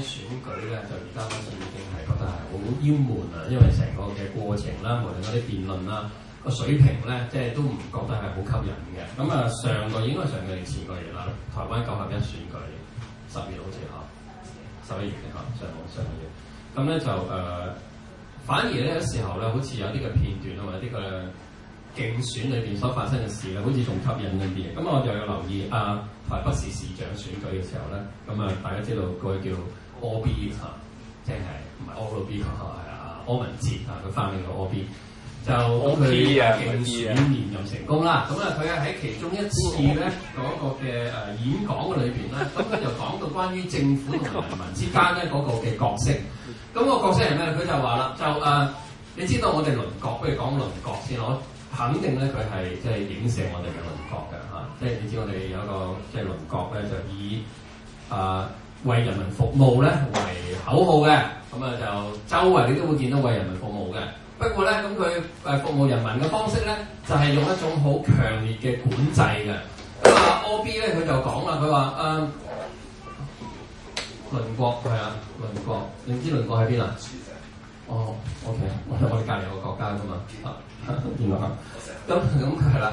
啲選舉咧，就而家開始已經係覺得係好厭悶啊！因為成個嘅過程啦，無論嗰啲辯論啦，個水平咧，即係都唔覺得係好吸引嘅。咁啊，上個應該上個月前個月啦，台灣九合一選舉，十月好似呵，十一月嘅呵，上上月，月，月，月，月。咁咧就誒、呃，反而咧有時候咧，好似有啲嘅片段啊，或者啲嘅競選裏邊所發生嘅事咧，好似仲吸引一啲。咁我就有留意啊，台北市市長選舉嘅時候咧，咁啊，大家知道佢叫。o B 嚇，即係唔係柯羅 B 嚇，係啊柯文哲啊，佢翻嚟個 o B 就 OBB 佢幾年任成功啦，咁啊佢啊喺其中一次咧嗰個嘅誒演講嘅裏邊咧，咁佢就講到關於政府同人民之間咧嗰個嘅角色，咁個角色係咩？佢就話啦，就誒，你知道我哋鄰國，不如講鄰國先，我肯定咧佢係即係影射我哋嘅鄰國嘅嚇，即係你知我哋有一個即係鄰國咧就以啊。為人民服務咧，為口號嘅，咁啊，就周圍你都會見到為人民服務嘅。不過咧，咁佢誒服務人民嘅方式咧就係、是、用一種好強烈嘅管制嘅。咁啊 O B 咧佢就講啦，佢話誒鄰國係啊鄰國，你唔知鄰國喺邊啊？嗯、哦 O、okay, K，我哋我哋隔離個國家噶嘛啊，原來啊，咁咁係啦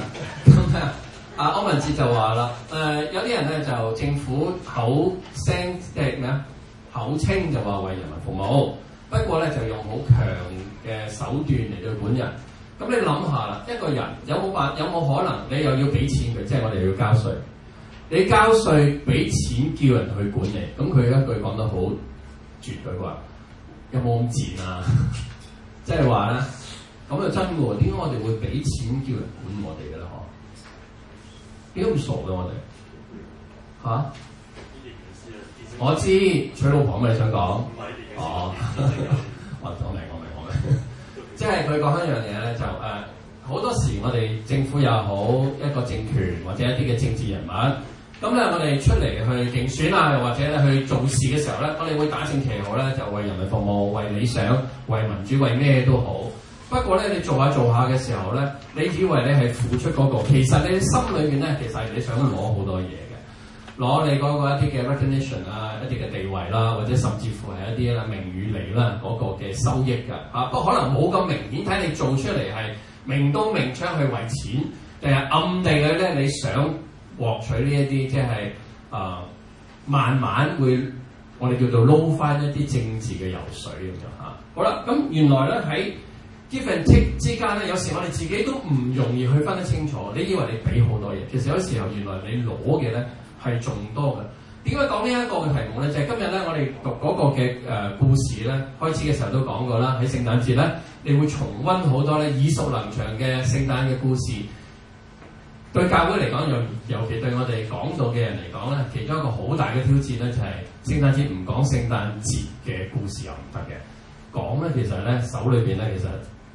阿歐、啊、文哲就話啦，誒、呃、有啲人咧就政府口聲即口稱就話為人民服務，不過咧就用好強嘅手段嚟對管人。咁、嗯、你諗下啦，一個人有冇法有冇可能你又要俾錢佢？即、就、係、是、我哋要交稅，你交稅俾錢叫人去管理。咁、嗯、佢一句講得好絕對話，有冇咁賤啊？即係話咧，咁就真喎？點解我哋會俾錢叫人管我哋咧？點解咁傻嘅我哋嚇、啊？我知娶老婆咁你想講哦、啊， 我明我明我明。 即係佢講一樣嘢咧，就誒好、呃、多時我哋政府又好，一個政權或者一啲嘅政治人物，咁咧我哋出嚟去競選啊，又或者咧去做事嘅時候咧，我哋會打正旗號咧，就為人民服務、為理想、為民主、為咩都好。不過咧，你做，一做一下做下嘅時候咧，你以為你係付出嗰、那個，其實你心裏面咧，其實你想攞好多嘢嘅攞你嗰個一啲嘅 recognition 啊，一啲嘅地位啦、啊，或者甚至乎係一啲啦名與利啦嗰個嘅收益㗎嚇、啊。不過可能冇咁明顯，睇你做出嚟係明刀明槍去為錢，定係暗地裏咧你想獲取呢一啲即係誒慢慢會我哋叫做，做撈翻一啲政治嘅油水咁樣嚇、啊。好啦，咁、嗯、原來咧喺。e v t i c 之間咧，有時我哋自己都唔容易去分得清楚。你以為你俾好多嘢，其實有時候原來你攞嘅咧係仲多嘅。點解講呢一個嘅題目咧？就係、是、今日咧，我哋讀嗰個嘅誒故事咧，開始嘅時候都講過啦。喺聖誕節咧，你會重溫好多咧耳熟能詳嘅聖誕嘅故事。對教會嚟講，尤其對我哋講道嘅人嚟講咧，其中一個好大嘅挑戰咧，就係、是、聖誕節唔講聖誕節嘅故事又唔得嘅。講咧，其實咧手裏邊咧，其實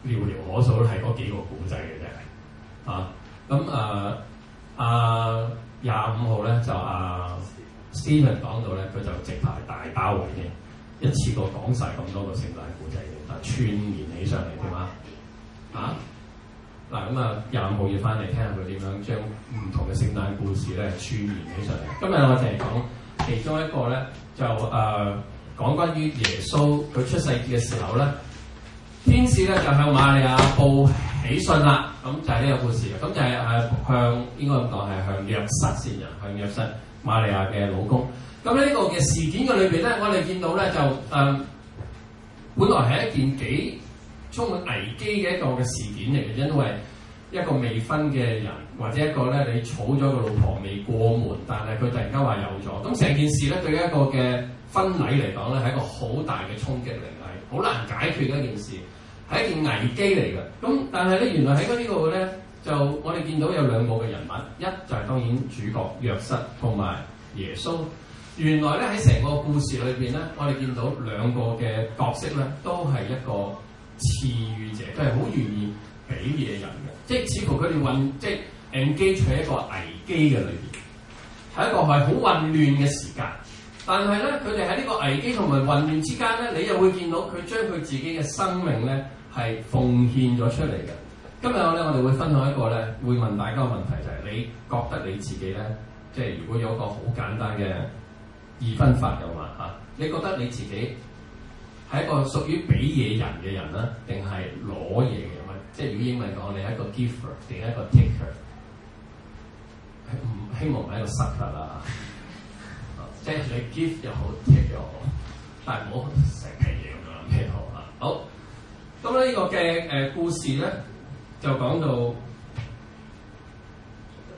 寥寥可數都係嗰幾個古仔嘅啫。啊，咁啊啊廿五號咧就啊 Stephen 講到咧，佢就直排大包圍嘅，一次過講晒咁多個聖誕古仔嘅，但串連起上嚟添嘛。啊嗱，咁啊廿五號要翻嚟聽下佢點樣將唔同嘅聖誕故事咧串連起上嚟。今日我淨係講其中一個咧，就誒、啊、講關於耶穌佢出世嘅時候咧。天使咧就向瑪利亞報喜訊啦，咁、嗯、就係、是、呢個故事嘅，咁、嗯、就係、是、係、啊、向應該咁講係向約瑟先人，向約瑟、啊、瑪利亞嘅老公。咁、嗯、呢、這個嘅事件嘅裏邊咧，我哋見到咧就誒、嗯，本來係一件幾充滿危機嘅一個嘅事件嚟嘅，因為一個未婚嘅人或者一個咧你儲咗個老婆未過門，但係佢突然間話有咗，咁、嗯、成件事咧對於一個嘅婚禮嚟講咧係一個好大嘅衝擊嚟嘅，好難解決嘅一件事。係一件危機嚟嘅，咁、嗯、但係咧，原來喺嗰呢度咧，就我哋見到有兩個嘅人物，一就係當然主角約瑟同埋耶穌。原來咧喺成個故事裏邊咧，我哋見到兩個嘅角色咧，都係一個賜予者，佢係好願意俾嘢人嘅，即係似乎佢哋運，即係 n 基處喺一個危機嘅裏邊，係一個係好混亂嘅時間。但係咧，佢哋喺呢個危機同埋混亂之間咧，你又會見到佢將佢自己嘅生命咧。係奉獻咗出嚟嘅。今日我咧，我哋會分享一個咧，會問大家個問題就係：你覺得你自己咧，即係如果有一個好簡單嘅二分法嘅話嚇，你覺得你自己係一個屬於俾嘢人嘅人啦，定係攞嘢嘅咁啊？即係如果英文講，你係一個 giver 定係一個 taker？唔希望唔係一個 sucker 啦 即係你 give 又好，take 又好，但係唔好成皮嘢咁樣，皮好啊。好。好咁咧呢個嘅誒、呃、故事咧，就講到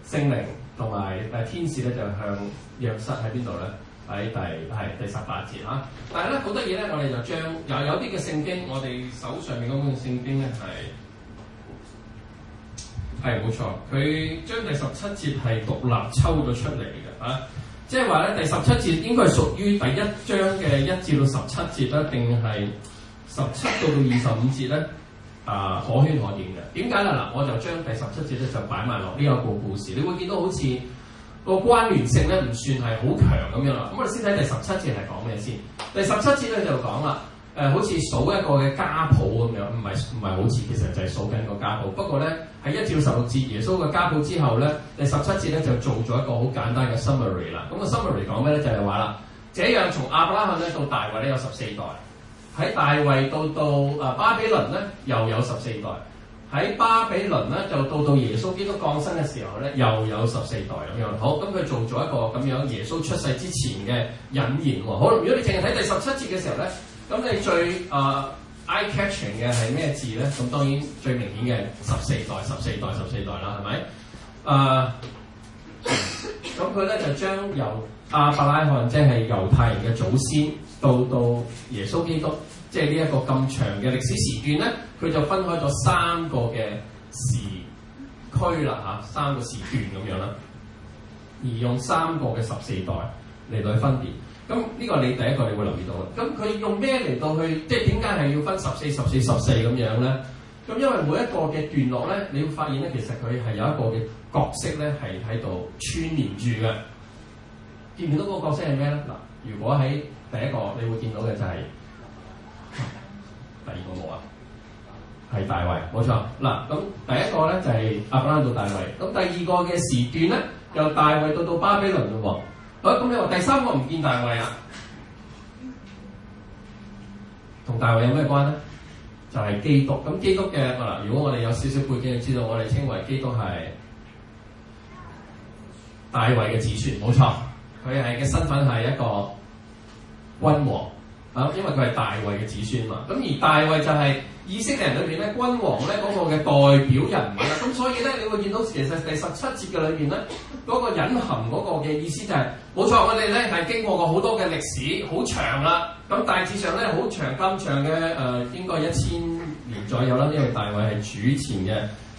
聖靈同埋呃天使咧就向約瑟喺邊度咧？喺第係第十八節啊！但係咧好多嘢咧，我哋就將又有啲嘅聖經，我哋手上面嗰本聖經咧係係冇錯，佢將第十七節係獨立抽咗出嚟嘅，啊！即係話咧，第十七節應該係屬於第一章嘅一至到十七節啦，定係？十七到到二十五節咧，啊可圈可點嘅。點解啦？嗱，我就將第十七節咧就擺埋落呢一個故事。你會見到好似個關聯性咧，唔算係好強咁樣啦。咁我哋先睇第十七節係講咩先。第十七節咧就講啦，誒、呃、好似數一個嘅家譜咁樣，唔係唔係好似，其實就係數緊個家譜。不過咧，喺一至十六節耶穌嘅家譜之後咧，第十七節咧就做咗一個好簡單嘅 summary 啦。咁個 summary 講咩咧？就係話啦，這樣從亞伯拉罕咧到大衛咧有十四代。喺大衛到到啊、呃、巴比倫咧又有十四代，喺巴比倫咧就到到耶穌基督降生嘅時候咧又有十四代咁樣。好，咁佢做咗一個咁樣耶穌出世之前嘅引言喎。好，如果你淨係睇第十七節嘅時候咧，咁你最啊 eye、呃、catching 嘅係咩字咧？咁當然最明顯嘅十四代、十四代、十四代啦，係咪？啊，咁佢咧就將由亞伯拉罕即係猶太人嘅祖先，到到耶穌基督，即係呢一個咁長嘅歷史時段咧，佢就分開咗三個嘅時區啦嚇，三個時段咁樣啦，而用三個嘅十四代嚟到去分辨。咁、這、呢個你第一個你會留意到啦。咁佢用咩嚟到去，即係點解係要分十四、十四、十四咁樣咧？咁因為每一個嘅段落咧，你會發現咧，其實佢係有一個嘅角色咧，係喺度穿連住嘅。見唔到嗰個角色係咩咧？嗱，如果喺第一個你會見到嘅就係、是、第二個冇啊，係大衛，冇錯。嗱，咁第一個咧就係、是、亞伯拉罕到大衛，咁第二個嘅時段咧由大衛到到巴比倫嘅喎。咁你話第三個唔見大衛啊？同大衛有咩關咧？就係、是、基督。咁基督嘅嗱，如果我哋有少少背景，就知道我哋稱為基督係大衛嘅子孫，冇錯。佢係嘅身份係一個君王，嚇，因為佢係大衛嘅子孫嘛。咁而大衛就係、是、以色列人裏邊咧君王咧嗰個嘅代表人物啦。咁所以咧你會見到其實第十七節嘅裏邊咧嗰個隱含嗰個嘅意思就係、是、冇錯，我哋咧係經過過好多嘅歷史，好長啦。咁大致上咧好長，咁長嘅誒、呃、應該一千年左右啦。因為大衛係主前嘅，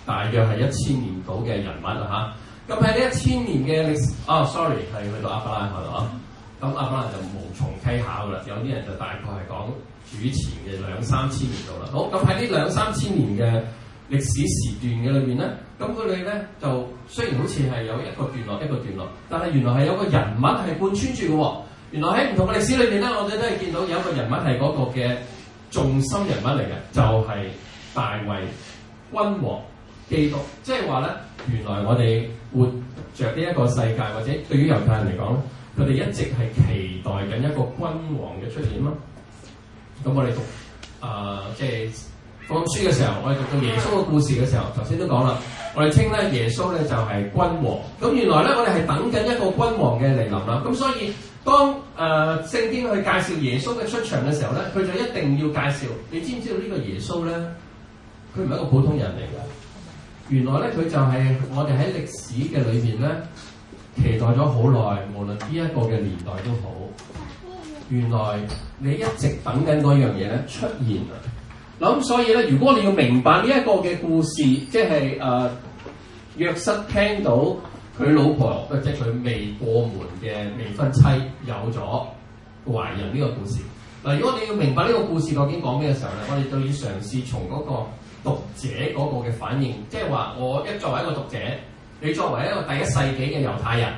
大約係一千年到嘅人物啦嚇。咁喺呢一千年嘅歷史，啊，oh，sorry，係去到阿伯拉罕度啊。咁阿伯拉就無從稽考噶啦。有啲人就大概係講主前嘅兩三千年度啦。好，咁喺呢兩三千年嘅歷史時段嘅裏面咧，咁佢哋咧就雖然好似係有一個段落一個段落，但係原來係有個人物係貫穿住嘅。原來喺唔同嘅歷史裏面咧，我哋都係見到有一個人物係嗰個嘅重心人物嚟嘅，就係大衛君王基督。即係話咧，原來我哋。活着呢一個世界，或者對於猶太人嚟講咧，佢哋一直係期待緊一個君王嘅出現啦。咁我哋讀誒，即係講書嘅時候，我哋讀到耶穌嘅故事嘅時候，頭先都講啦，我哋稱咧耶穌咧就係君王。咁原來咧，我哋係等緊一個君王嘅嚟臨啦。咁所以當誒聖經去介紹耶穌嘅出場嘅時候咧，佢就一定要介紹。你知唔知道呢個耶穌咧，佢唔係一個普通人嚟㗎？原來咧，佢就係我哋喺歷史嘅裏邊咧，期待咗好耐，無論呢一個嘅年代都好。原來你一直等緊嗰樣嘢咧出現啊！嗱、嗯、咁，所以咧，如果你要明白呢一個嘅故事，即係誒約瑟聽到佢老婆，即係佢未過門嘅未婚妻有咗懷孕呢個故事。嗱、嗯，如果你要明白呢個故事究竟講咩嘅時候咧，我哋都要嘗試從嗰個。讀者嗰個嘅反應，即係話我一作為一個讀者，你作為一個第一世紀嘅猶太人，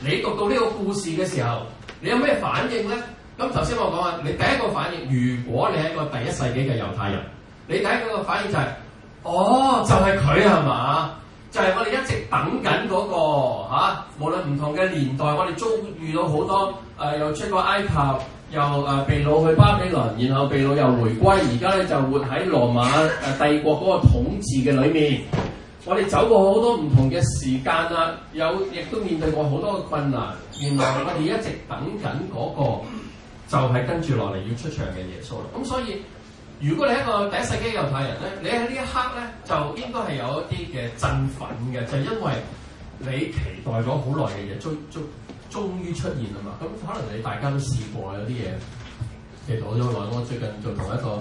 你讀到呢個故事嘅時候，你有咩反應呢？咁頭先我講下，你第一個反應，如果你係一個第一世紀嘅猶太人，你第一個反應就係、是，哦，就係佢係嘛？就係、是、我哋一直等緊嗰、那個嚇、啊，無論唔同嘅年代，我哋遭遇到好多誒、呃，又出過埃帕。又誒，被擄去巴比倫，然後被擄又回歸，而家咧就活喺羅馬誒、啊、帝國嗰個統治嘅裏面。我哋走過好多唔同嘅時間啊，有亦都面對過好多嘅困難。原來我哋一直等緊嗰、那個，就係、是、跟住落嚟要出場嘅耶穌啦。咁所以，如果你係一個第一世紀猶太人咧，你喺呢一刻咧，就應該係有一啲嘅振奮嘅，就係因為你期待咗好耐嘅嘢，追追。終於出現啦嘛！咁可能你大家都試過有啲嘢，其實都咗耐。我最近做同一個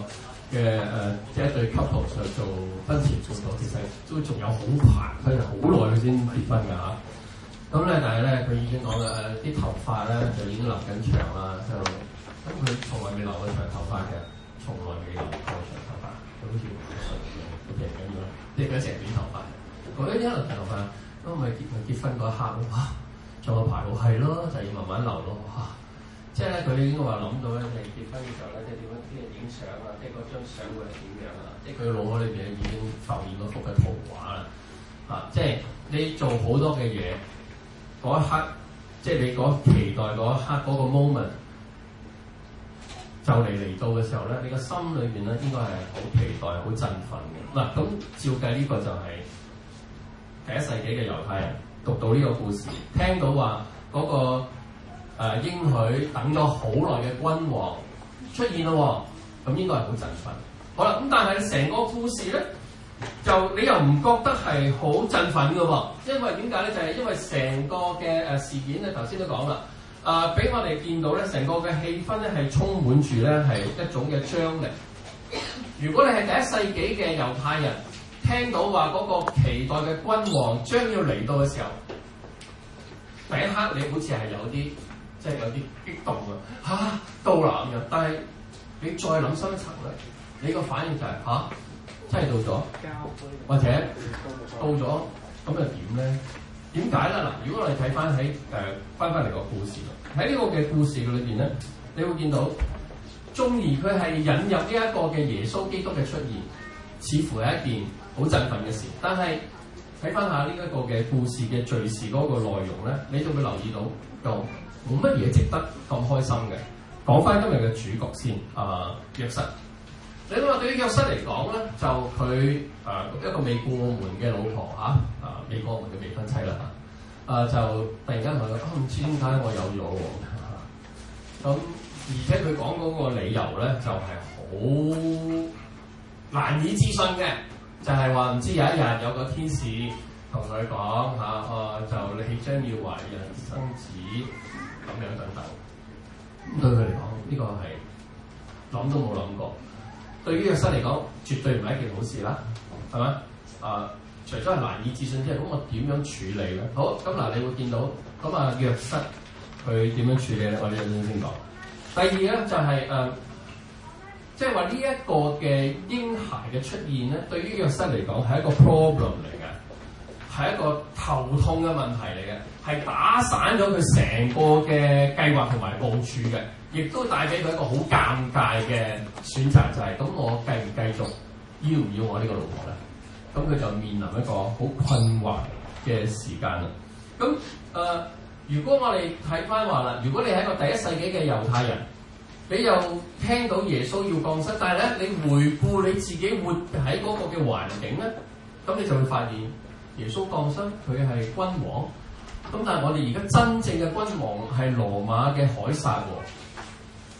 嘅誒、呃，即 couple 就做婚前輔導，其實都仲有好排，佢係好耐佢先結婚㗎嚇。咁、啊、咧，但係咧，佢已經講啦，啲、呃、頭髮咧就已經立緊長啦，就咁佢從來未留過長頭髮嘅，從來未留過長頭髮，佢好似唔順嘅，好平緊咗，即係成短頭髮，我一啲都唔頭髮，咁咪結結婚嗰一刻哇！啊 做個排號係咯，就要慢慢留咯。即係咧，佢哋應該話諗到咧，你結婚嘅時候咧，即係點樣先係影相啊？即係嗰張相會係點樣啊？即係佢腦海裏邊已經浮現嗰幅嘅圖畫啦。啊，即係你，你，你，你，你、啊、你做好多嘅嘢嗰一刻，即係你嗰期待嗰一刻嗰、那個 moment 就嚟嚟到嘅時候咧，你個心裏邊咧應該係好期待、好振奮嘅。嗱、啊，咁照計呢個就係、是、第一世紀嘅猶太人。讀到呢個故事，聽到話嗰、那個誒、呃、英許應等咗好耐嘅君王出現啦，咁、哦、應該係好振奮。好啦，咁但係成個故事咧，就你又唔覺得係好振奮嘅喎？因為點解咧？就係、是、因為成個嘅誒事件咧，頭先都講啦，誒、呃、俾我哋見到咧，成個嘅氣氛咧係充滿住咧係一種嘅張力。如果你係第一世紀嘅猶太人。聽到話嗰個期待嘅君王將要嚟到嘅時候，第一刻你好似係有啲即係有啲激動嘅嚇、啊、到喇又低，你再諗深一層咧，你個反應就係、是、吓、啊，真係到咗，或者到咗咁又點咧？點解咧嗱？如果我哋睇翻喺誒翻翻嚟個故事度，喺呢個嘅故事嘅裏邊咧，你會見到宗義佢係引入呢一個嘅耶穌基督嘅出現，似乎係一件。好振奮嘅事，但係睇翻下呢一個嘅故事嘅敍事嗰個內容咧，你都會留意到，就冇乜嘢值得咁開心嘅。講翻今日嘅主角先，啊、呃，約瑟。你話對於約瑟嚟講咧，就佢啊、呃、一個未過門嘅老婆嚇，啊未過門嘅未婚妻啦嚇，啊就突然間同佢講唔知點解我有咗喎。咁、啊、而且佢講嗰個理由咧，就係、是、好難以置信嘅。就係話唔知有一日有個天使同佢講嚇，誒、啊啊、就你將要懷孕生子咁樣等等，咁對佢嚟講呢個係諗都冇諗過。對於約瑟嚟講，絕對唔係一件好事啦，係咪？誒、啊，除咗係難以置信之外，咁我點樣處理咧？好，咁嗱，你會見到咁啊，約瑟佢點樣處理咧？我哋陣先先講。第二咧就係、是、誒。啊即係話呢一個嘅嬰孩嘅出現咧，對於約瑟嚟講係一個 problem 嚟嘅，係一個頭痛嘅問題嚟嘅，係打散咗佢成個嘅計劃同埋部署嘅，亦都帶俾佢一個好尷尬嘅選擇，就係、是、咁我繼唔繼續要唔要我呢個老婆咧？咁佢就面臨一個好困惑嘅時間啦。咁誒、呃，如果我哋睇返話啦，如果你係一個第一世紀嘅猶太人。你又聽到耶穌要降生，但係咧，你回顧你自己活喺嗰個嘅環境咧，咁你就會發現耶穌降生佢係君王，咁但係我哋而家真正嘅君王係羅馬嘅凱撒喎，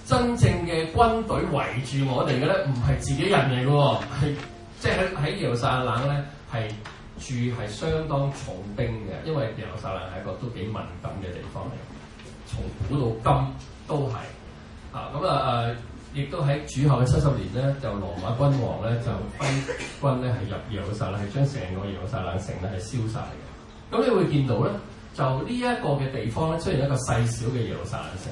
真正嘅軍隊圍住我哋嘅咧唔係自己人嚟嘅喎，係即係喺喺耶路撒冷咧係住係相當重兵嘅，因為耶路撒冷係一個都幾敏感嘅地方嚟，從古到今都係。啊，咁啊，誒，亦都喺主後嘅七十年咧，就羅馬君王咧就分軍咧係入耶路撒冷，係將成個耶路撒冷城咧係燒晒。嘅、嗯。咁你會見到咧，就呢一個嘅地方咧，雖然一個細小嘅耶路撒冷城，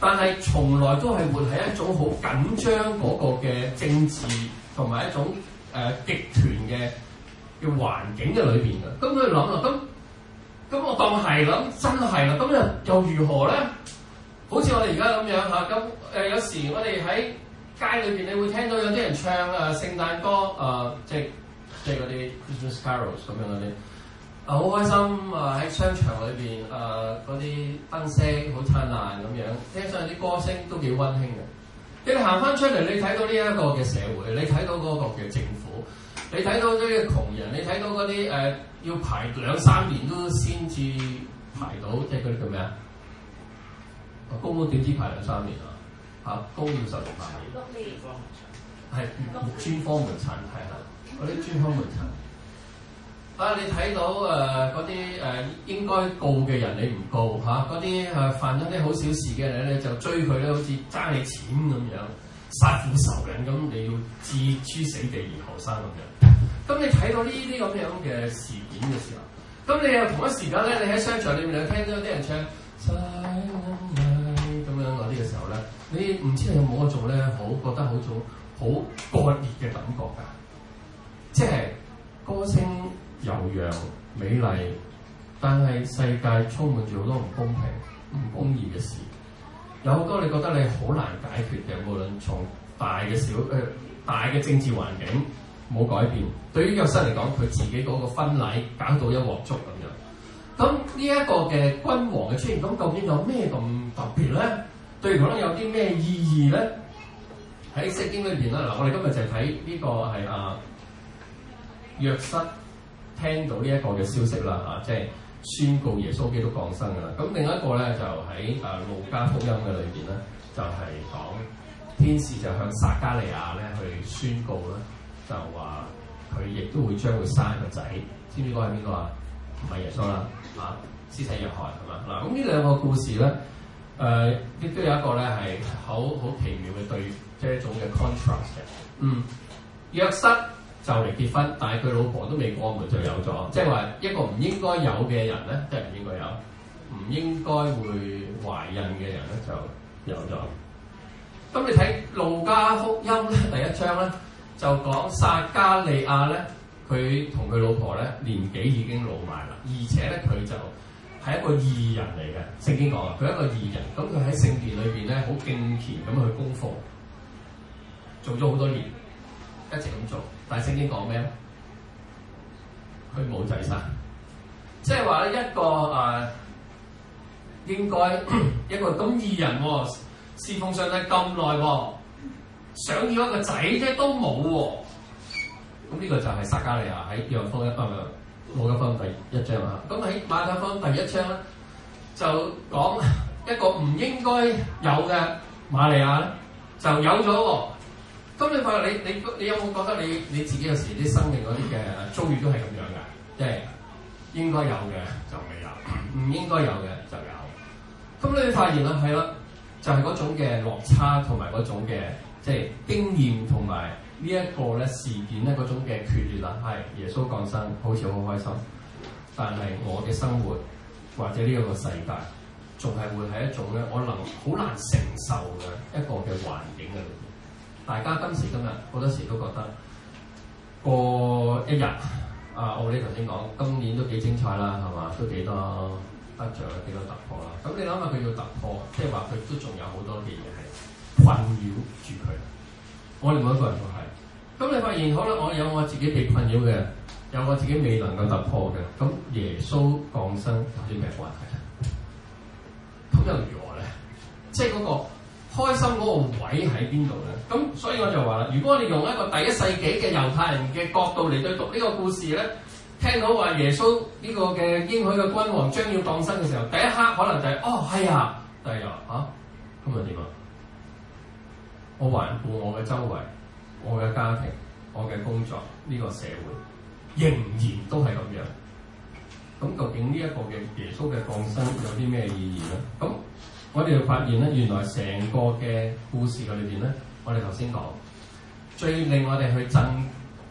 但係從來都係活喺一種好緊張嗰個嘅政治同埋一種誒、呃、極權嘅嘅環境嘅裏邊㗎。咁佢諗啊，咁咁、嗯、我當係諗真係啦，咁又又如何咧？好似我哋而家咁樣嚇，咁誒、呃、有時我哋喺街裏邊，你會聽到有啲人唱誒聖誕歌，誒、呃、即係即係嗰啲 Christmas carols 咁樣嗰啲，啊、呃、好開心啊喺、呃、商場裏邊，誒嗰啲燈飾好燦爛咁樣，聽上啲歌聲都幾温馨嘅。你哋行翻出嚟，你睇到呢一個嘅社會，你睇到嗰個嘅政府，你睇到嗰啲窮人，你睇到嗰啲誒要排兩三年都先至排到，即係嗰啲叫咩啊？高高點知排兩三年啦，嚇高要受人排。係專科門診，睇下，嗰啲專科門診。啊，你睇到誒嗰啲誒應該告嘅人你唔告嚇，嗰啲誒犯咗啲好小事嘅人咧就追佢咧，好似爭你錢咁樣，殺父仇人咁，你要置諸死地而後生咁樣。咁你睇到呢啲咁樣嘅事件嘅時候，咁你又同一時間咧，你喺商場裡面又聽到有啲人唱。呢個時候咧，你唔知你有冇做咧，好覺得好種好割裂嘅感覺㗎。即係歌聲悠揚美麗，但係世界充滿住好多唔公平、唔公義嘅事，有好多你覺得你好難解決嘅。無論從大嘅小，誒、呃、大嘅政治環境冇改變，對於約瑟嚟講，佢自己嗰個婚禮搞到一鑊粥咁樣。咁呢一個嘅君王嘅出現，咁究竟有咩咁特別咧？對佢咧有啲咩意義咧？喺聖經裏邊啦，嗱，我哋今日就睇呢個係啊，約瑟聽到呢一個嘅消息啦嚇，即、啊、係、就是、宣告耶穌基督降生啊！咁另一個咧就喺啊路加福音嘅裏邊咧，就係、是、講天使就向撒迦利亞咧去宣告啦，就話佢亦都會將會生一個仔，知唔知嗰係邊個啊？唔係耶穌啦嚇，施洗約翰係嘛嗱，咁、啊、呢兩個故事咧。誒亦都有一個咧係好好奇妙嘅對，即係一種嘅 contrast 嘅。嗯，約瑟就嚟結婚，但係佢老婆都未過門就有咗，即係話一個唔應該有嘅人咧，即係唔應該有，唔應該會懷孕嘅人咧就有咗。咁你睇路加福音咧第一章咧，就講撒加利亞咧，佢同佢老婆咧年紀已經老埋啦，而且咧佢就。係一個義人嚟嘅，聖經講啊，佢一個義人，咁佢喺聖殿裏邊咧好敬虔咁去供奉，做咗好多年，一直咁做。但係聖經講咩咧？佢冇仔生，即係話咧一個誒、呃、應該一個咁義人喎、哦，侍奉上帝咁耐喎，想要一個仔啫都冇喎、哦，咁呢個就係撒加利亞喺約翰福音馬太福音第一章啊，咁喺馬太福音第一章咧，就講一個唔應該有嘅瑪利亞咧就有咗喎。咁你發覺你你你有冇覺得你你自己有時啲生命嗰啲嘅遭遇都係咁樣嘅，即係 應該有嘅就未有，唔 應該有嘅就有。咁你發現啦，係啦，就係、是、嗰種嘅落差同埋嗰種嘅即係經驗同埋。呢一個咧事件咧嗰種嘅決裂啊，係耶穌降生，好似好開心。但係我嘅生活或者呢一個世界，仲係會係一種咧我能好難承受嘅一個嘅環境嘅。大家今時今日好多時都覺得過一日啊，我哋頭先講今年都幾精彩啦，係嘛？都幾多得著，幾多突破啦。咁你諗下佢要突破，即係話佢都仲有好多嘅嘢係困擾住佢。我哋每一個人都係。咁你發現好啦，我有我自己被困擾嘅，有我自己未能夠突破嘅。咁耶穌降生有啲咩關係啊？咁又如何咧？即係嗰個開心嗰個位喺邊度咧？咁所以我就話啦，如果你用一個第一世紀嘅猶太人嘅角度嚟去讀呢個故事咧，聽到話耶穌呢個嘅應許嘅君王將要降生嘅時候，第一刻可能就係、是、哦係啊，係啊嚇。咁又點啊？我環顧我嘅周圍。我嘅家庭、我嘅工作、呢、呢個社會，仍然都係咁樣。咁究竟呢一個嘅耶穌嘅降生有啲咩意義咧？咁我哋就發現咧，原來成個嘅故事嘅裏邊咧，我哋頭先講最令我哋去震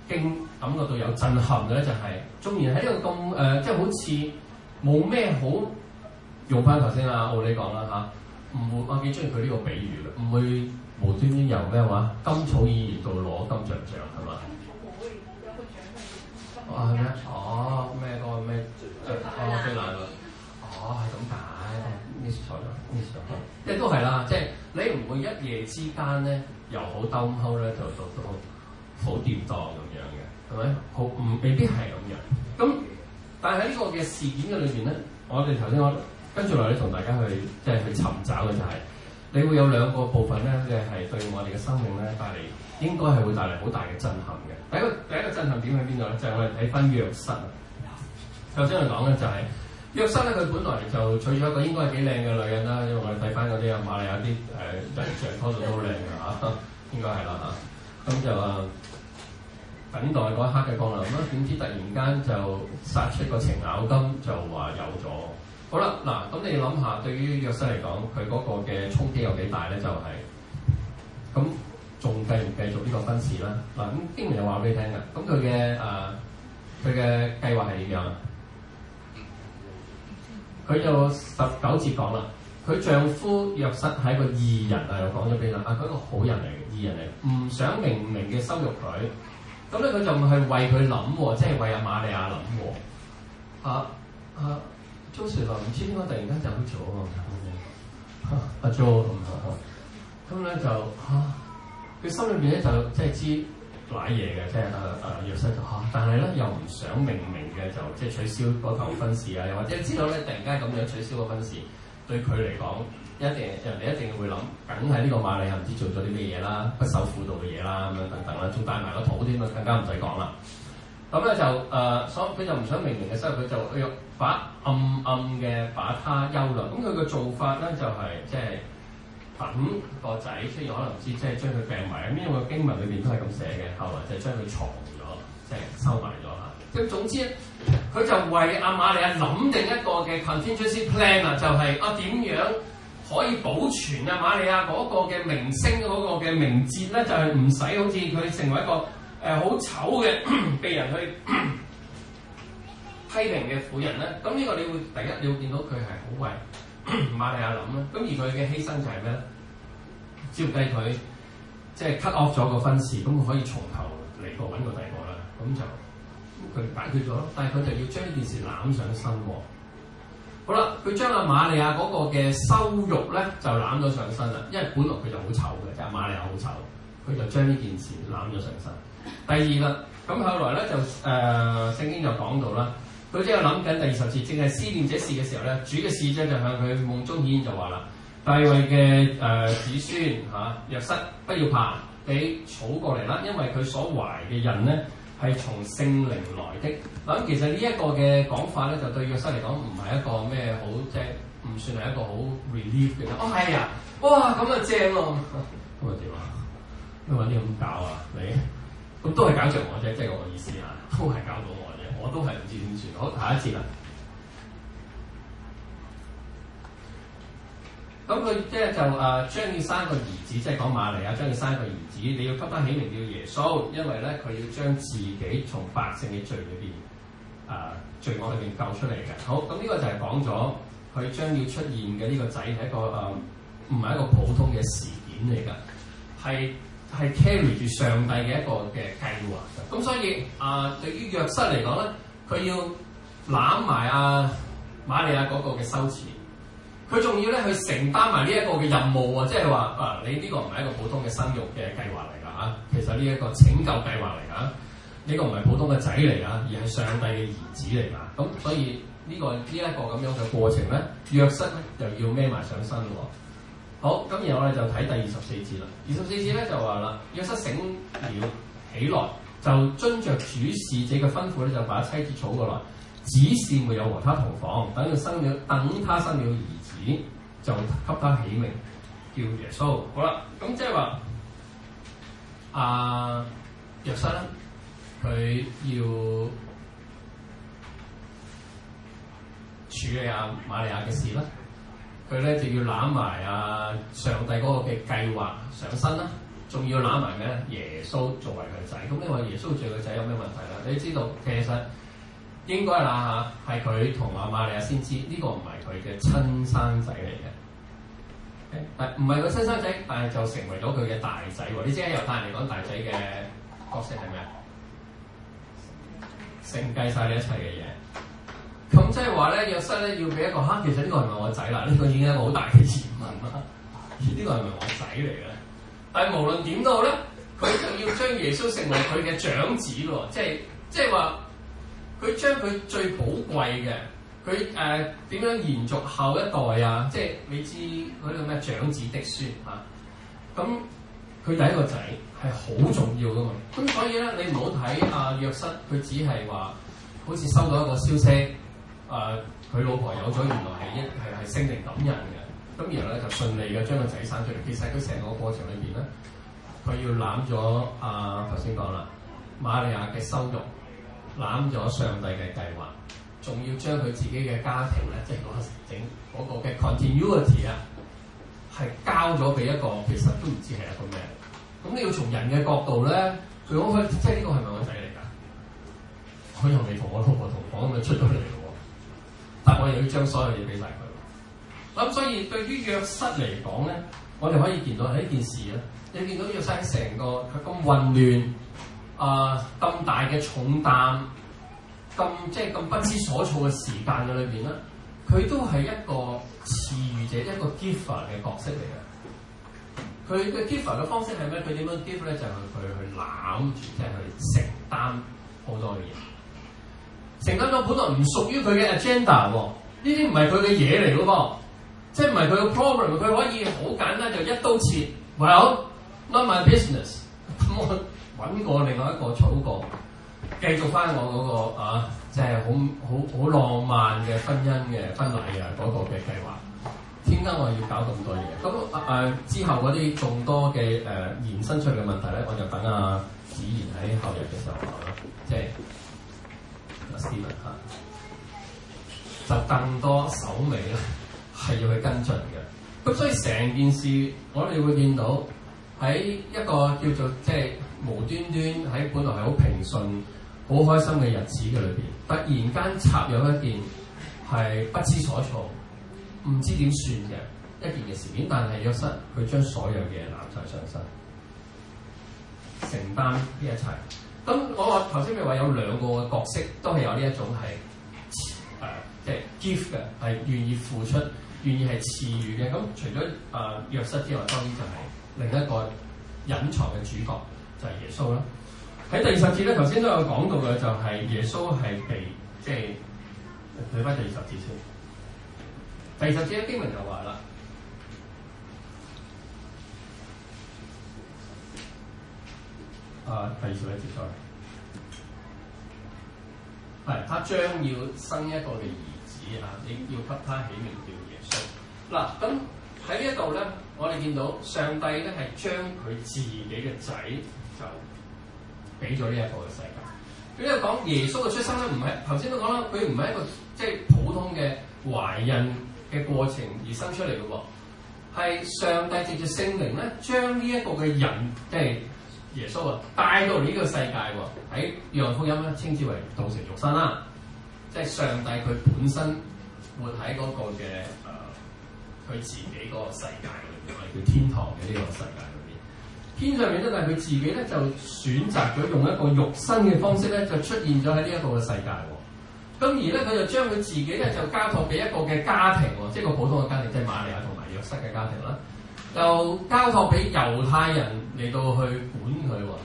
驚、感覺到有震撼嘅咧、就是，就係縱然喺呢個咁誒、呃，即係好似冇咩好用翻頭先阿奧里講啦嚇，唔會我幾中意佢呢個比喻啦，唔會。無端端由咩話？甘草演員度攞金像獎係嘛？啊咩？哦咩個咩？哦，張蘭哦，係咁解。Miss 財長，Miss 財長。即係、哦嗯、都係啦，即、就、係、是、你唔會一夜之間咧，由好兜踎咧，就到到好掂當咁樣嘅，係咪？好唔未必係咁樣。咁，但係喺呢個嘅事件嘅裏邊咧，我哋頭先我跟住落嚟同大家去即係去尋找嘅就係、是。你會有兩個部分咧，即、就、係、是、對我哋嘅生命咧帶嚟，應該係會帶嚟好大嘅震撼嘅。第一個第一個震撼點喺邊度咧？就係、是、我哋睇翻約瑟。首先佢講咧就係、是、約瑟，咧，佢本來就娶咗一個應該係幾靚嘅女人啦。因為我哋睇翻嗰啲啊瑪麗亞啲誒人像度都好靚嘅嚇，應該係啦嚇。咁、啊、就啊等待嗰一刻嘅降臨啦，點知突然間就殺出個程咬金，就話有咗。好啦，嗱咁你諗下，對於約瑟嚟講，佢嗰個嘅衝擊有幾大咧？就係、是、咁，仲繼唔繼續個呢個婚事啦？嗱咁經文就話俾你聽噶，咁佢嘅誒佢嘅計劃係點啊？佢就十九節講啦，佢丈夫約瑟係個義人啊，又講咗邊啦？啊，嗰個好人嚟，義人嚟，唔想明唔明嘅羞辱佢，咁咧佢就唔係為佢諗，即係為阿瑪利亞諗，啊啊！Joey 話唔知點解突然間、呃啊嗯嗯嗯嗯嗯、就唔做阿 Jo 同埋，咁咧就嚇，佢心裏邊咧就即係知奶嘢嘅，即係誒誒藥失咗嚇，但係咧又唔想明明嘅就即係取消嗰舊婚事啊，又或者知道咧、啊、突然間咁樣取消個婚事，對佢嚟講一定人哋一定會諗，梗係呢個馬利亞唔知做咗啲咩嘢啦，不守婦道嘅嘢啦咁樣等等啦，仲帶埋個肚添啊，更加唔使講啦。咁咧就誒、呃，所佢就唔想明明嘅，所以佢就把暗暗嘅把他休了，咁佢嘅做法咧就係、是、即係等個仔，雖然可能唔知即係將佢病埋，咁因為經文裏面都係咁寫嘅，後來就將佢藏咗，即係收埋咗嚇。咁總之咧，佢就為阿、啊、瑪利亞諗定一個嘅 contingency plan 啦、就是，就係啊點樣可以保存阿、啊、瑪利亞嗰個嘅、那個、名聲嗰個嘅名節咧，就係唔使好似佢成為一個誒好醜嘅被人去 批評嘅婦人咧，咁呢個你會第一，你會見到佢係好為瑪 利亞諗啦。咁而佢嘅犧牲就係咩咧？照計佢即係 cut off 咗個婚事，咁佢可以從頭嚟過揾個第二個啦。咁就咁佢解決咗，但係佢就要將呢件事攬上身喎、哦。好啦，佢將阿瑪利亞嗰個嘅羞辱咧，就攬咗上身啦。因為本來佢就好醜嘅，即係瑪利亞好醜，佢就將呢件事攬咗上身。第二啦，咁後來咧就誒聖經就講到啦。佢即係諗緊第二十節，正係思念這事嘅時候咧，主嘅使者就向佢夢中顯就話啦，大衛嘅誒、呃、子孫嚇約瑟不要怕，你娶過嚟啦，因為佢所懷嘅人咧係從聖靈來的。咁其實呢一個嘅講法咧，就對約瑟嚟講唔係一個咩好即係唔算係一個好 relief 嘅哦係啊，哎、哇咁啊正咯，咁又點啊？因為啲咁搞啊，你！咁都係搞著我啫，即、就、係、是、我嘅意思啊，都係搞到我。我都係唔知點算，好下一節啦。咁佢即係就誒、是啊、將要生個兒子，即、就、係、是、講瑪利亞將要生一個兒子，你要給他起名叫耶穌，因為咧佢要將自己從百姓嘅罪裏邊誒罪惡裏邊救出嚟嘅。好，咁呢個就係講咗佢將要出現嘅呢個仔係一個誒唔係一個普通嘅事件嚟㗎，係。係 carry 住上帝嘅一個嘅計劃，咁所以、呃、於約啊，對於約瑟嚟講咧，佢要攬埋啊瑪利亞嗰個嘅羞恥，佢仲要咧去承擔埋呢一個嘅任務喎，即係話啊，你呢個唔係一個普通嘅生育嘅計劃嚟㗎嚇，其實呢一個拯救計劃嚟㗎，呢、啊這個唔係普通嘅仔嚟㗎，而係上帝嘅兒子嚟㗎，咁、啊、所以呢、這個呢一、這個咁樣嘅過程咧，約瑟咧就要孭埋上身喎。啊好，今日我哋就睇第二十四節啦。二十四節咧就話啦，約瑟醒了起來，就遵着主使者嘅吩咐咧，就把妻子娶過來，只是沒有和她同房。等佢生了，等他生了兒子，就給他起名叫耶穌。好啦，咁、嗯、即係話啊，約瑟咧，佢要處理阿瑪利亞嘅事啦。佢咧就要攬埋阿上帝嗰個嘅計劃上身啦，仲要攬埋嘅耶穌作為佢仔。咁你話耶穌做佢仔有咩問題咧？你知道其實應該攬下係佢同阿瑪利亞先知，呢個唔係佢嘅親生仔嚟嘅。誒，唔係佢親生仔，但係就成為咗佢嘅大仔喎。你知喺猶太人嚟講，大仔嘅角色係咩啊？承繼晒呢一切嘅嘢。咁即係話咧，約瑟咧要俾一個，哈、啊，其實呢個係咪我仔啦？呢個已經係好大嘅疑問啦。呢個係咪我仔嚟嘅？但係無論點都好咧，佢就要將耶穌成為佢嘅長子喎，即係即係話，佢將佢最寶貴嘅，佢誒點樣延續後一代啊？即係你知佢呢個咩長子的孫啊。咁佢第一個仔係好重要噶嘛。咁所以咧，你唔好睇啊約瑟，佢只係話好似收到一個消息。誒，佢、呃、老婆有咗原來係一係係聖靈感人嘅，咁然後咧就順利嘅將個仔生出嚟。其實佢成個過程裏邊咧，佢要攬咗啊，頭先講啦瑪利亞嘅羞辱，攬咗上帝嘅計劃，仲要將佢自己嘅家庭咧，即係嗰、那個整嗰個嘅 continuity 啊，係交咗俾一個其實都唔知係一個咩。咁你要從人嘅角度咧，佢好佢即係呢、這個係咪我仔嚟㗎？佢又未同我老婆同房，咪出咗嚟？我哋要將所有嘢俾曬佢。咁所以對於約瑟嚟講咧，我哋可以見到喺一件事咧，你見到約瑟喺成個咁混亂、啊、呃、咁大嘅重擔、咁即係咁不知所措嘅時間嘅裏邊咧，佢都係一個賜予者、一個 giver 嘅角色嚟嘅。佢嘅 giver 嘅方式係咩？佢點樣 give 咧？就係佢去攬住，即係佢承擔好多嘅嘢。承擔咗本來唔屬於佢嘅 agenda 喎，呢啲唔係佢嘅嘢嚟嘅噃，即係唔係佢嘅 problem。佢可以好簡單就一刀切。Well，not my business、嗯。咁我揾過另外一個草稿，繼續翻我嗰、那個啊，即係好好好浪漫嘅婚姻嘅婚禮啊嗰個嘅計劃。點解我要搞咁多嘢？咁、嗯、誒、嗯嗯、之後嗰啲眾多嘅誒、嗯、延伸出嚟嘅問題咧，我就等阿子賢喺後日嘅時候講啦，即係。市民嚇，son，就更多手尾咧，係要去跟進嘅。咁所以成件事，我哋會見到喺一個叫做即係無端端喺本來係好平順、好開心嘅日子嘅裏邊，突然間插入一件係不知所措、唔知點算嘅一件嘅事件，但係有失佢將所有嘅攬晒上身，承擔呢一切。咁我話頭先咪話有兩個角色，都係有呢一種係誒，即係 give 嘅，係願意付出、願意係賜予嘅。咁除咗誒約瑟之外，當然就係另一個隱藏嘅主角就係耶穌啦。喺第二十節咧，頭先都有講到嘅，就係耶穌係被即係，睇返第二十節先。第二十節嘅經文就話啦。啊，第二十一節，係他將要生一個嘅兒子啊！你要給他起名叫耶穌。嗱、啊、咁、嗯、喺呢一度咧，我哋見到上帝咧係將佢自己嘅仔就俾咗呢一個嘅世界。佢呢度講耶穌嘅出生咧，唔係頭先都講啦，佢唔係一個即係、就是、普通嘅懷孕嘅過程而生出嚟嘅喎，係上帝藉住聖靈咧，將呢一個嘅人即係。嗯耶穌啊，帶到嚟呢個世界喎，喺《約翰福音》咧稱之為道成肉身啦，即係上帝佢本身活喺嗰個嘅誒，佢、呃、自己嗰個世界裏邊，叫天堂嘅呢個世界裏邊。天上面咧，但係佢自己咧就選擇咗用一個肉身嘅方式咧就出現咗喺呢，呢一個嘅世界喎。咁而咧佢就將佢自己咧就交託俾一個嘅家庭喎，即係個普通嘅家庭，即係瑪利亞同埋約瑟嘅家庭啦。就交託俾猶太人嚟到去管佢喎、哦，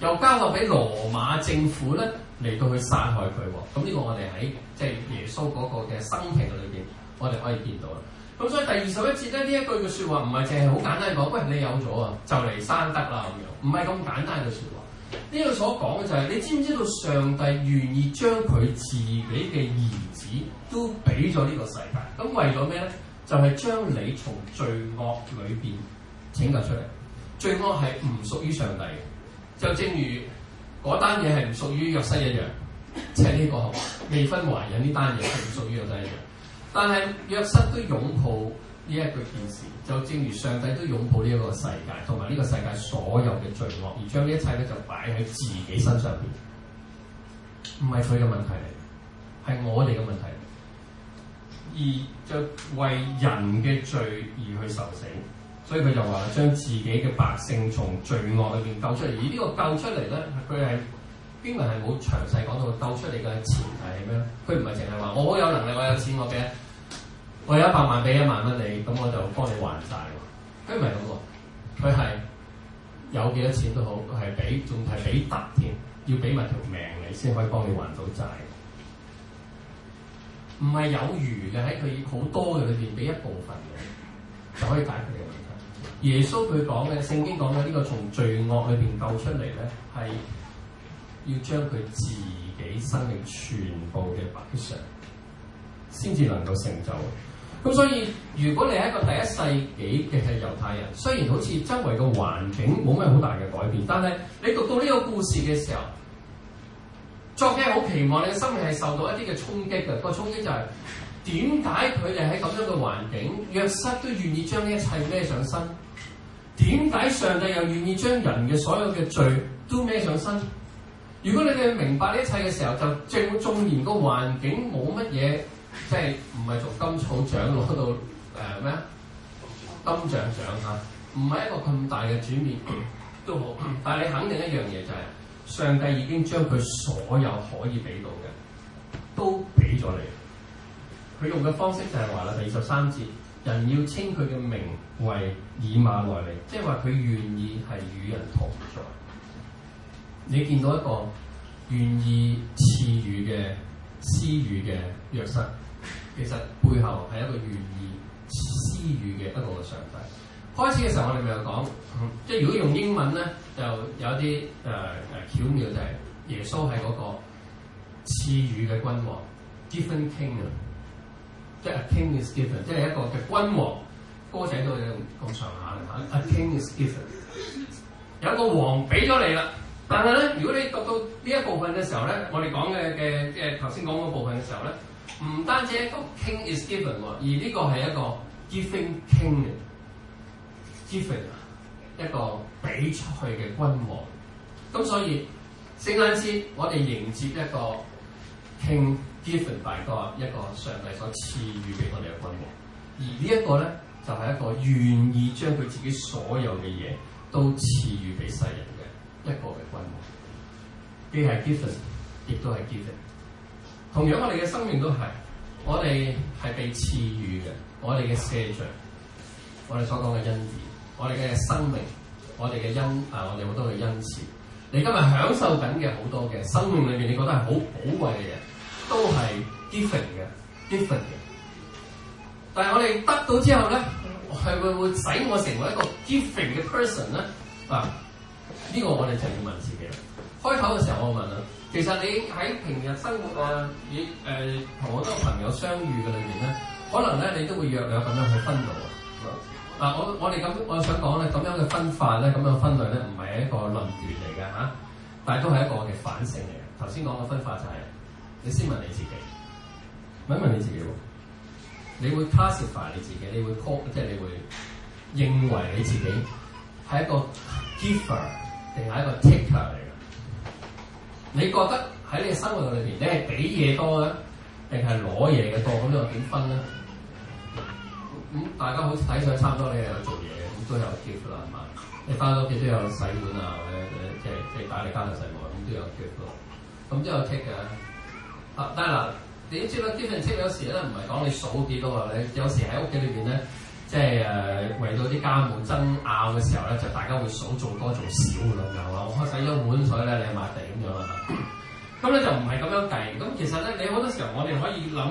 又交託俾羅馬政府咧嚟到去殺害佢喎、哦。咁、這、呢個我哋喺即係耶穌嗰個嘅生平裏邊，我哋可以見到啦。咁所以第二十一節咧，呢一句嘅説話唔係淨係好簡單講，餵、哎、你有咗啊，就嚟生得啦咁樣，唔係咁簡單嘅説話。呢、這、度、個、所講就係、是、你知唔知道上帝願意將佢自己嘅兒子都俾咗呢個世界，咁為咗咩咧？就係將你從罪惡裏邊拯救出嚟。罪惡係唔屬於上帝嘅，就正如嗰單嘢係唔屬於約瑟一樣，即係呢個未婚懷孕呢單嘢係唔屬於約瑟一樣。但係約瑟都擁抱呢一個件事，就正如上帝都擁抱呢一個世界同埋呢個世界所有嘅罪惡，而將呢一切咧就擺喺自己身上邊，唔係佢嘅問題嚟，係我哋嘅問題。而就為人嘅罪而去受死，所以佢就話將自己嘅百姓從罪惡裏邊救出嚟。而、呢個、呢個救出嚟咧，佢係邊個係冇詳細講到救出嚟嘅前提係咩？佢唔係淨係話我好有能力，我有錢，我嘅我有一百萬俾一萬蚊你，咁我就幫你還債。佢唔係咁喎，佢係有幾多錢都好，佢係俾仲係俾特添，要俾埋條命你先可以幫你還到債。唔係有餘嘅，喺佢好多嘅裏邊俾一部分嘅就可以解決你嘅問題。耶穌佢講嘅，聖經講嘅呢個從罪惡裏邊救出嚟咧，係要將佢自己生命全部嘅擺上，先至能夠成就。咁所以如果你係一個第一世紀嘅猶太人，雖然好似周圍個環境冇咩好大嘅改變，但係你讀到呢個故事嘅時候。作嘅好期望，你嘅心理係受到一啲嘅衝擊嘅。個衝擊就係，點解佢哋喺咁樣嘅環境，若失都願意將呢一切孭上身？點解上帝又願意將人嘅所有嘅罪都孭上身？如果你哋明白呢一切嘅時候，就正中年個環境冇乜嘢，即係唔係從金草獎攞到誒咩啊？金像獎啊，唔係一個咁大嘅轉面都好，但係你肯定一樣嘢就係、是。上帝已經將佢所有可以俾到嘅都俾咗你，佢用嘅方式就係話啦，第二十三節，人要稱佢嘅名為以馬內利，即係話佢願意係與人同在。你見到一個願意賜予嘅施予嘅約瑟，其實背後係一個願意施予嘅一個上帝。開始嘅時候我，我哋咪有講，即係如果用英文咧，就有啲誒誒巧妙，就係耶穌係嗰個賜予嘅君王，giving king 啊， kingdom，即係 king is g i v i n 即係一個嘅君王，歌仔都係咁上下嘅嚇，a king is g i v e n 有，given，有個王俾咗你啦。但係咧，如果你讀到呢一部分嘅時候咧，我哋講嘅嘅即嘅頭先講嗰部分嘅時候咧，唔單止係一個 king is g i v e n 而呢個係一個 giving king given 一個俾出去嘅君王，咁所以聖誕節，我哋迎接一個 King given by God，一個上帝所賜予俾我哋嘅君王。而呢一個咧，就係、是、一個願意將佢自己所有嘅嘢，都賜予俾世人嘅一個嘅君王，既係 given，亦都係 given。同樣我哋嘅生命都係，我哋係被賜予嘅，我哋嘅社長，我哋所講嘅恩典。我哋嘅生命，我哋嘅恩啊，我哋好多嘅恩賜，你今日享受緊嘅好多嘅生命裏面，你覺得係好寶貴嘅嘢，都係 giving 嘅，giving 嘅。但係我哋得到之後咧，係會唔會使我成為一個 giving 嘅 person 咧？啊，呢、呢個我哋就要問自己啦。開頭嘅時候我問啦、啊，其實你喺平日生活啊，你誒同好多朋友相遇嘅裏面咧，可能咧你都會約略咁樣，去分到。啊！我我哋咁，我想講咧，咁樣嘅分法咧，咁樣分類咧，唔係一個論斷嚟嘅嚇，但係都係一個嘅反省嚟嘅。頭先講嘅分法就係、是、你先問你自己，問一問你自己喎，你會 classify 你自己，你會 call，即係你會認為你自己係一個 giver 定係一個 taker 嚟嘅？你覺得喺你嘅生活裏面，你係俾嘢多啊，定係攞嘢嘅多？咁你話點分咧？咁、嗯、大家好似睇上差唔多你，你又有做嘢，咁都有 keep 落嚟。係嘛？你翻到屋企都有洗碗啊，或者即係即係打啲家務洗碗，咁、呃、都有 keep 落。咁之後 check 嘅，啊，但係嗱，點知咧？呢份 check 有時咧唔係講你數幾多啊，你有時喺屋企裏邊咧，即係誒為到啲家務爭拗嘅時候咧，就大家會數做多做少咁啦，係我、啊、我洗咗碗水咧，你抹地咁樣啊，咁咧就唔係咁樣計。咁其實咧，你好多時候我哋可以諗。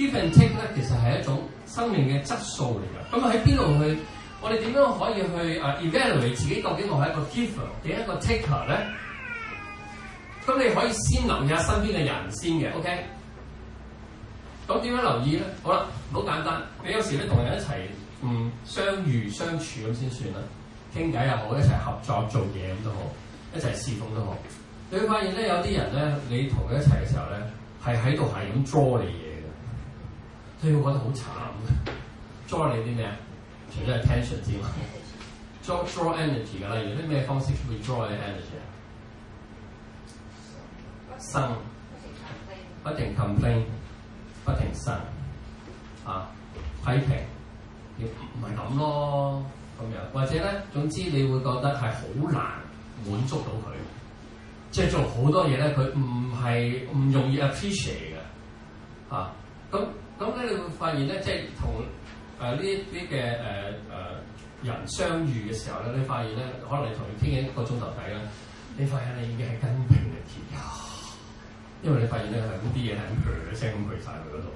Give and take 咧，其實係一種生命嘅質素嚟嘅，咁啊，喺邊度去？我哋點樣可以去啊？Evaluate 自己究竟我係一個 giver，定一個 taker 咧？咁你可以先留意下身邊嘅人先嘅。OK，咁點樣留意咧？好啦，好簡單，你有時咧同人一齊嗯相遇相處咁先算啦，傾偈又好，一齊合作做嘢咁都好，一齊侍奉都好。你會發現咧，有啲人咧，你同佢一齊嘅時候咧，係喺度係咁 j o 捉你嘢。你會、哎、覺得好慘嘅，draw 你啲咩啊？除咗 attention 之外，draw draw energy 噶啦。用啲咩方式去 draw 你 energy 啊？生，不停 complain，不停生。啊，批評，亦唔係咁咯。咁樣或者咧，總之你會覺得係好難滿足到佢，即、就、係、是、做好多嘢咧，佢唔係唔容易 appreciate 嘅，啊，咁。咁咧、嗯，你會發現咧，即係同誒呢啲嘅誒誒人相遇嘅時候咧，你發現咧，可能你同佢傾緊一個鐘頭偈啦，你發現你已經係筋疲力竭，因為你發現咧係啲嘢係咁聲咁去晒佢嗰度，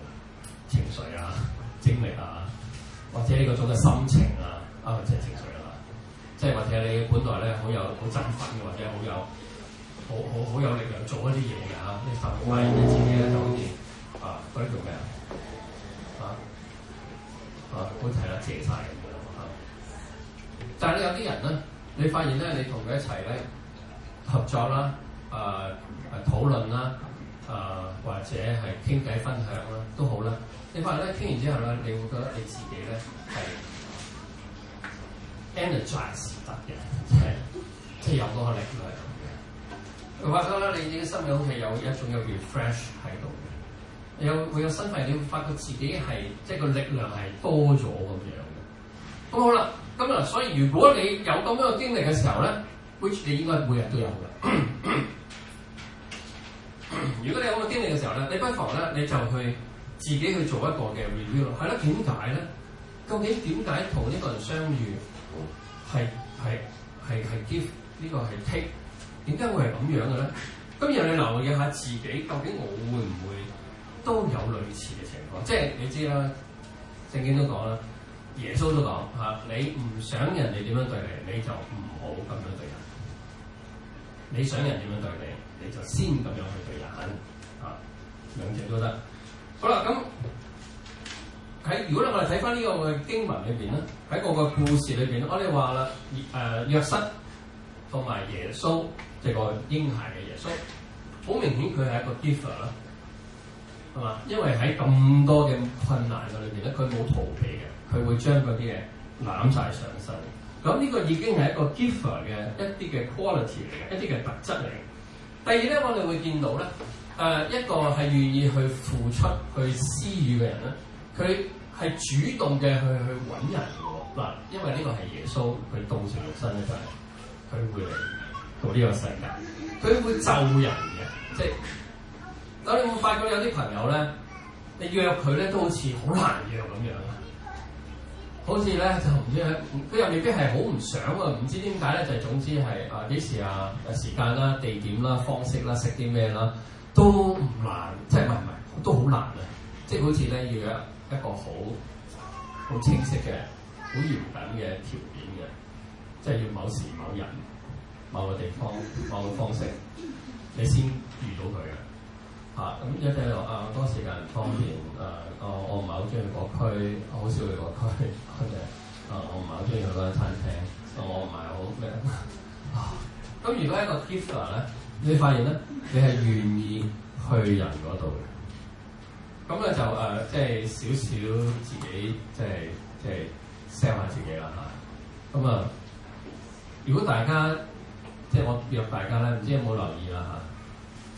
情緒啊、精力啊，或者呢個種嘅心情啊，即係情緒啊？即係或者你本來咧好有好振奮嘅，或者有好有好好好有力量做一啲嘢嘅嚇，你發現你自己咧就好似啊，嗰啲叫咩啊？啊啊，好睇啦，謝晒咁樣啊！但係咧，有啲人咧，你發現咧，你同佢一齊咧合作啦，誒、呃、誒討論啦，誒、呃、或者係傾偈分享啦，都好啦。你發現咧，傾完之後咧，你會覺得你自己咧係 energize 得嘅，即係即係有到個力量。佢發覺咧，你你嘅心裏好似有一種有 refresh 喺度。有佢有身份，你會，發覺自己係即係個力量係多咗咁樣嘅。咁好啦，咁啊，所以如果你有咁樣嘅經歷嘅時候咧，which 你應該每日都有嘅。如果你有咁嘅經歷嘅時候咧，你不妨咧你就去自己去做一個嘅 review 咯。係啦，點解咧？究竟點解同呢個人相遇係係係係 give 個 take, 呢個係 take？點解會係咁樣嘅咧？今日你留意下自己，究竟我會唔會？都有類似嘅情況，即係你知啦，聖經都講啦，耶穌都講嚇、啊，你唔想人哋點樣對你，你就唔好咁樣對人；你想人點樣對你，你就先咁樣去對人。嚇、啊，兩者都得。好啦，咁喺如果咧，我哋睇翻呢個經文裏邊咧，喺個故事裏邊，我哋話啦，誒、呃、約瑟同埋耶穌，即、就、係、是、個嬰孩嘅耶穌，好明顯佢係一個 giver 啦。係嘛？因為喺咁多嘅困難嘅裏邊咧，佢冇逃避嘅，佢會將嗰啲嘢攬晒上身。咁呢個已經係一個 giver 嘅一啲嘅 quality 嚟嘅，一啲嘅特質嚟嘅。第二咧，我哋會見到咧，誒、呃、一個係願意去付出、去施予嘅人咧，佢係主動嘅去去揾人喎。嗱，因為呢個係耶穌，佢道成肉身咧就係佢會嚟到呢個世界，佢會救人嘅，即係。咁你有冇發覺有啲朋友咧，你約佢咧都好似好難約咁樣約、就是、啊？好似咧就唔知佢又未必係好唔想啊，唔知點解咧？就總之係啊幾時啊時間啦、啊、地點啦、啊、方式啦、啊、食啲咩啦，都唔難，即係唔係唔係都難、就是、好難啊？即係好似咧要約一個好好清晰嘅、好嚴謹嘅條件嘅，即、就、係、是、要某時某人某個地方某個方式，你先遇到佢啊！嚇！咁一地落啊，多、啊那個、時間方便誒。我我唔係好中意個區，我好少去個區。我哋啊，我唔係好中意去嗰間、啊、餐廳。我唔係好咩？咁如果一個 giver 咧，你發現咧，你係願意去人嗰度嘅。咁咧就誒，即係少少自己，即係即係 sell 下自己啦嚇。咁啊，啊，如果大家即係、就是、我約大家咧，唔知有冇留意啦嚇。啊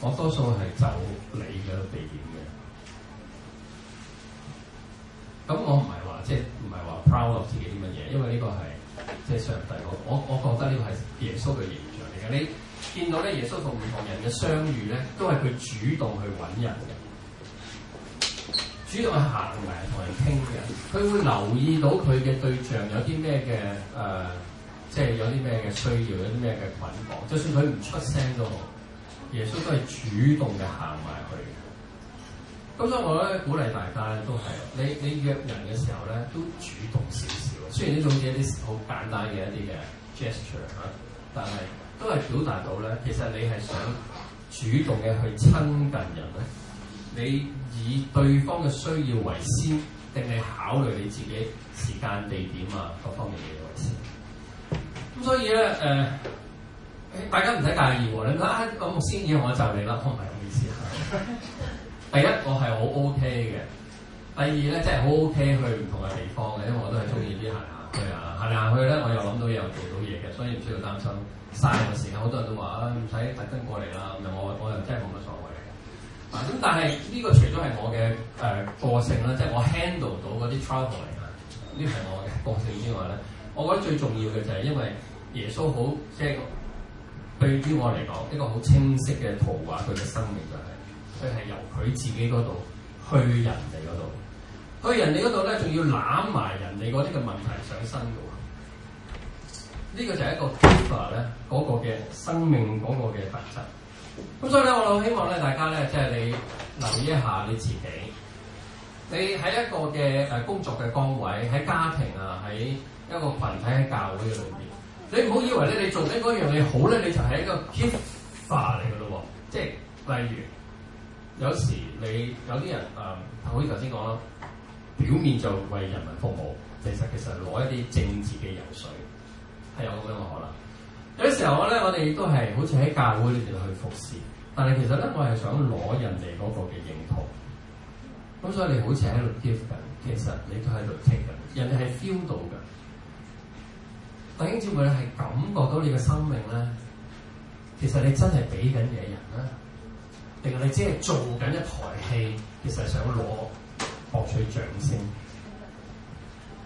我多數係走你嘅地點嘅，咁我唔係話即係唔係話 proud of 自己啲乜嘢，因為呢個係即係上帝我我我覺得呢個係耶穌嘅形象嚟嘅。你見到咧耶穌同唔同人嘅相遇咧，都係佢主動去揾人嘅，主動去行埋同人傾嘅。佢會留意到佢嘅對象有啲咩嘅誒，即係有啲咩嘅需要，有啲咩嘅捆綁，就算佢唔出聲都好。耶穌都係主動嘅行埋去嘅，咁所以我咧鼓勵大家咧都係，你你約人嘅時候咧都主動少少。雖然呢種嘢啲好簡單嘅一啲嘅 gesture 嚇、啊，但係都係表達到咧，其實你係想主動嘅去親近人咧，你以對方嘅需要為先，定係考慮你自己時間、地點啊各方面嘅嘢為先。咁所以咧誒。呃大家唔使介意喎，你講啊個先嘢我就你啦，我唔係咁意思啊。 第一，我係好 O K 嘅；第二咧，即係好 O K 去唔同嘅地方嘅，因為我都係中意啲行行去啊。行行 去咧，我又諗到嘢，又做到嘢嘅，所以唔需要擔心嘥嘅時間。好多人都話啊，唔使 特登過嚟啦。咁我我又真係冇乜所謂嘅。啊咁，但係呢個除咗係我嘅誒、呃、個性啦，即、就、係、是、我 handle 到嗰啲 trouble 嚟嘅，呢係我嘅個性之外咧，我覺得最重要嘅就係因為耶穌好即係。對於我嚟講，一個好清晰嘅圖畫，佢嘅生命就係，佢係由佢自己度去人哋度，去人哋度咧，仲要攬埋人哋啲嘅問題上身嘅，呢、呢個就係一個 keeper 咧個嘅生命，個嘅特質。咁所以咧，我好希望咧，大家咧，即係你留意一下你自己，你喺一個嘅誒工作嘅崗位，喺家庭啊，喺一個群體喺教會嘅裏面。你唔好以為咧，你做啲嗰樣嘢好咧，你就係一個 giver 嚟噶咯喎！即係例如，有時你有啲人誒，好似頭先講啦，表面就為人民服務，其實其實攞一啲政治嘅油水，係有咁樣嘅可能。有啲時候咧，我哋都係好似喺教會裏邊去服侍。但係其實咧，我係想攞人哋嗰個嘅認同。咁所以你好似喺度 give 緊，其實你都喺度 take 緊，人哋係 feel 到嘅。弟兄姊妹咧，係感覺到你嘅生命咧，其實你真係俾緊嘢人啦，定係你只係做緊一台戲，其實想攞博取掌聲。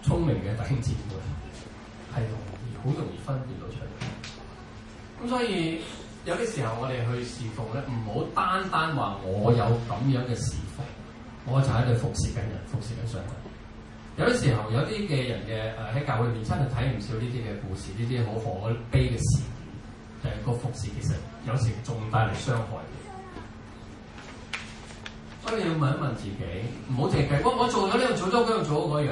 聰明嘅弟兄姊妹係容易，好容易分辨到出嚟。咁所以有啲時候我哋去侍奉咧，唔好單單話我有咁樣嘅侍奉，我就喺度服侍緊人，服侍緊上帝。有啲時候，有啲嘅人嘅誒喺教會面親就睇唔少呢啲嘅故事，呢啲好可悲嘅事件，誒、就是、個服侍其實有時仲帶嚟傷害嘅。所以你要問一問自己，唔好淨係計，我我做咗呢樣，做咗嗰樣，做咗嗰樣。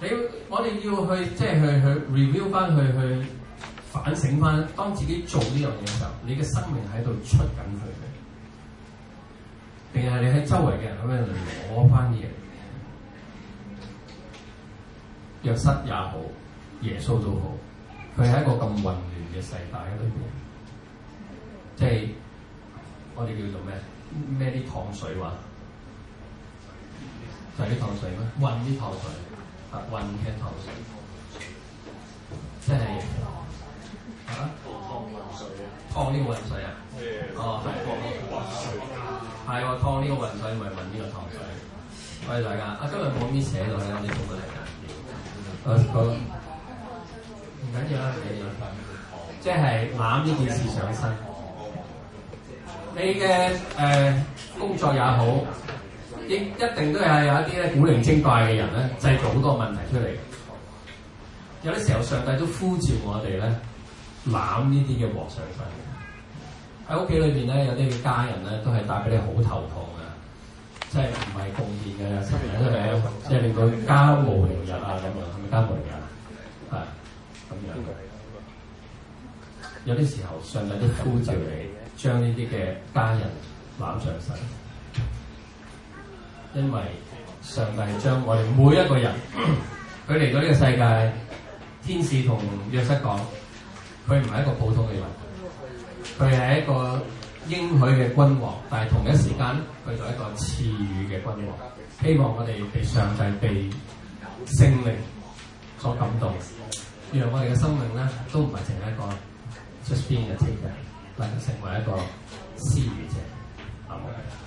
你要，我哋要去即係去去，去 review 翻去去反省翻，當自己做呢樣嘢嘅時候，你嘅生命喺度出緊佢嘅，定係你喺周圍嘅人嗰邊攞翻嘢？約瑟也好，耶穌都好，佢喺一個咁混亂嘅世界裏邊，即係我哋叫做咩咩啲糖水話，就係、是、啲糖水咩？混啲糖水啊，混啲糖水，即係啊，湯、啊、混水啊，湯啲混水啊，哦，係湯啲混水，係喎湯啲個混水，唔係混呢個糖水。多謝 Yeah.、啊、大家，啊今日冇咩寫落嚟，我哋送過嚟。好，唔緊要啦，你兩份，即係攬呢件事上身。你嘅誒、呃、工作也好，亦一定都係有一啲咧古靈精怪嘅人咧，製造好多問題出嚟。有啲時候，上帝都呼召我哋咧攬呢啲嘅禍上身。喺屋企裏邊咧，有啲嘅家人咧，都係帶俾你好頭痛嘅。即係唔係共建嘅，係咪？即係令到家無寧日啊咁樣，係咪家無寧日啊？係咁樣，啊、樣。有啲時候，上帝都呼召你將呢啲嘅家人攬上身，因為上帝將我哋每一個人，佢嚟 到呢個世界，天使同約瑟講，佢唔係一個普通嘅人，佢係一個應許嘅君王，但係同一時間，去做一個賜予嘅君王，希望我哋被上帝被聖靈所感動，願我哋嘅生命咧，都唔係淨係一個 just being a taker，而成為一個賜予者，好、啊嗯